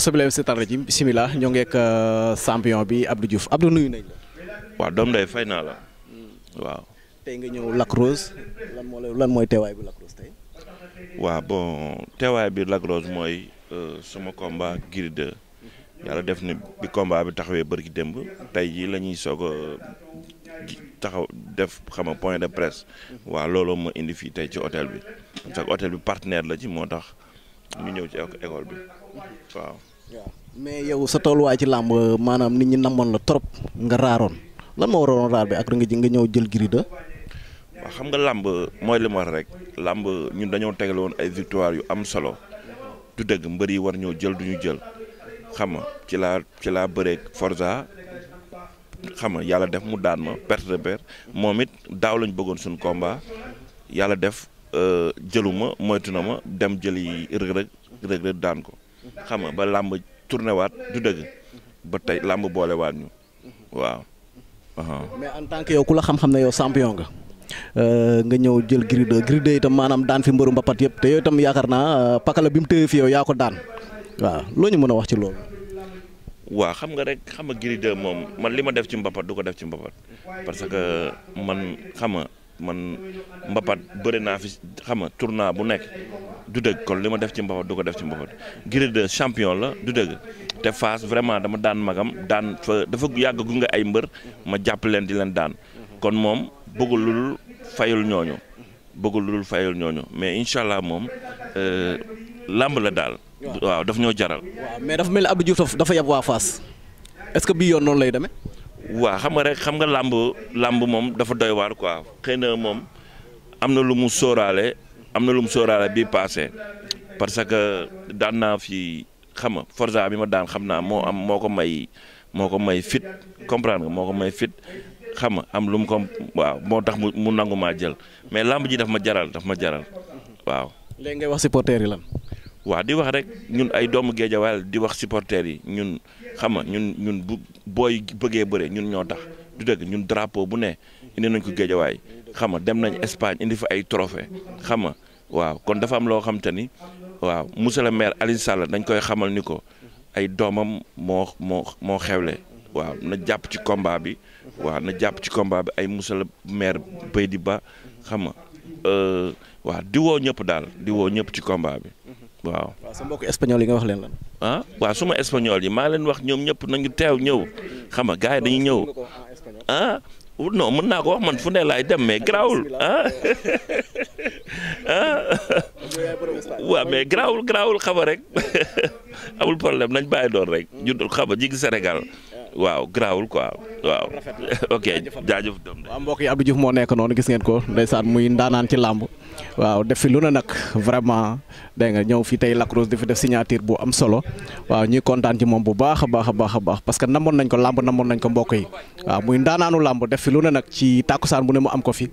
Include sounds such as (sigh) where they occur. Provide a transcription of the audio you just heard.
sebelum setan rejim bismillah nyonge ke champion bi Abdou Diouf Abdou nuyu nañ la wa dom day final na la waaw tay nga ñew Lac Rose lan mo lan moy téway eh, bi Lac Rose tay wa bon téway bi Lac Rose moy sama combat Gris 2 yalla def ni bi combat bi taxawé barki demb tay yi lañuy sogo taxaw def xama point de presse waaw looloo ma indi fii tey ci hôtel bi parce que hôtel bi partenaire la ci moo tax ñu ñëw ci école bi waaw. mais yow sa tool tolluwaay ci làmb maanaam nit ñi namoon la trop nga raaroon lan ma waroon raar bi ak nga nga ñëw jël gride 2 xam nga làmb mooy li mu rek làmb ñun dañoo tegale ay victoire yu am solo du dëgg mbër yi war ñoo jël duñu jël xam nga ci laa ci laa bëreeg Forza xam nga yàlla def mu daan ma perte de perte moom it daaw lañu bëggoon suñu combat yàlla def euh, jëlu ma moytu na ma dem jël yi rëg rëg-rëg daan ko xam nga ba làmb tourné waat du dëgg ba tey làmb boole waat ñu waaw. mais en tant que yow ku la xam-xam na yow champion nga. Euh, nga ñëw jël Gris 2 Gris 2 itam maanaam daan fi mbëru mbapat yëpp te yow itam yaakaar naa euh, pakala bi mu tëye fi yow yaa ko daan waaw loo ñu mën a wax ci loolu. waaw xam nga rek xam nga Gris moom man li ma def ci mbapat du ko def ci mbapat parce que man xam nga man mbapat bëri naa fi xam nga tournoi bu nekk du dëgg kon li ma def ci mbapat du ko def ci mbapat Gris 2 champion la du dëgg te Fass vraiment dama daan magam daan fa dafa yàgg nga ay mbër ma jàpp leen di leen daan kon moom bëggul lul fayul ñooñu bëggul lul fayul ñooñu mais incha allah moom euh, làmb la daal. waaw daf ñoo jaral. mais dafa mel ni Abdou Diouf dafa yab waa Fass est que bii yoon noonu lay demee. waaw xam nga rek xam nga làmb làmb moom dafa doy waar quoi xëy na moom am na lu mu sóoraale am na lu mu sóoraale bii paase parce que daan naa fi xam nga forza bi ma daan xam naa moo am moo ko may moo ko may fit comprendre nga moo ko may fit xam nga am lu mu ko waaw moo tax mu nangu maa jël mais làmb ji daf ma jaral daf ma jaral waaw. léegi ngay wax supporter yi lan. waaw di wax rek ñun ay doomu géejawaay di wax supporters yi ñun xam nga ñun ñun bu booy bëggee bëre ñun ñoo tax du dëgg ñun drapeau bu ne indi nañ ko géejawaay xam nga dem nañ Espagne indi fa ay trophée xam nga waaw kon dafa am loo xam ni waaw monsieur le maire Alioune Sall dañ koy xamal ni ko ay doomam moo moo moo xewle waaw na jàpp ci combat bi waaw na jàpp ci combat bi ay monsieur le maire Baydi Ba xam nga euh, waaw di woo ñëpp daal di woo ñëpp ci combat bi waaw. waaw sa mbokk espagnol yi nga wax leen lan. ah waaw suma espagnol yi maa leen wax ñoom ñëpp nañu teew ñëw xam nga gars yi dañuy ñëw ah. non mën naa ko wax man fu ne laay dem mais garaawul ah (laughs) ah (laughs) waaw mais garaawul garaawul xaba rek (laughs) amul problème nañ bàyyi doon rek ju xaba jig Sénégal waaw garaawul quoi waaw ok jaajëf doom de waaw mbokk yi Abdou Diouf moo nekk noonu gis ngeen ko ndeysaan muy ndaanaan ci làmb waaw def fi lu ne nag vraiment dégg nga ñëw fi tey Lac Rose di fi def signature bu am solo waaw ñuy kontaan ci moom bu baax a baax a baax a baax parce que namoon nañ ko làmb namoon nañ ko mbokk yi waaw muy ndaanaanu làmb def fi lu ne nag ci tàkkusaan bu ne mu am ko fi.